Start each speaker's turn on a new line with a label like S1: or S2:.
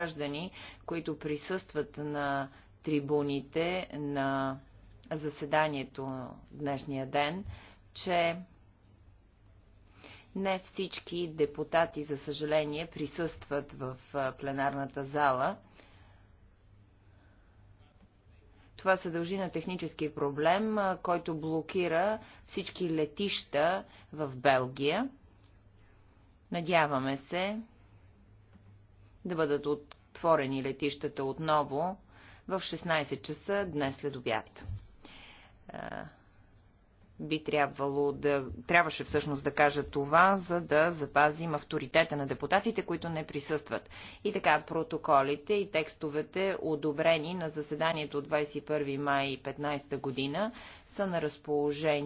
S1: граждани, които присъстват на трибуните на заседанието днешния ден, че не всички депутати, за съжаление, присъстват в пленарната зала. Това се дължи на технически проблем, който блокира всички летища в Белгия. Надяваме се, да бъдат отворени летищата отново в 16 часа днес след обяд. Би трябвало да... Трябваше всъщност да кажа това, за да запазим авторитета на депутатите, които не присъстват. И така, протоколите и текстовете, одобрени на заседанието от 21 май 15 година, са на разположение.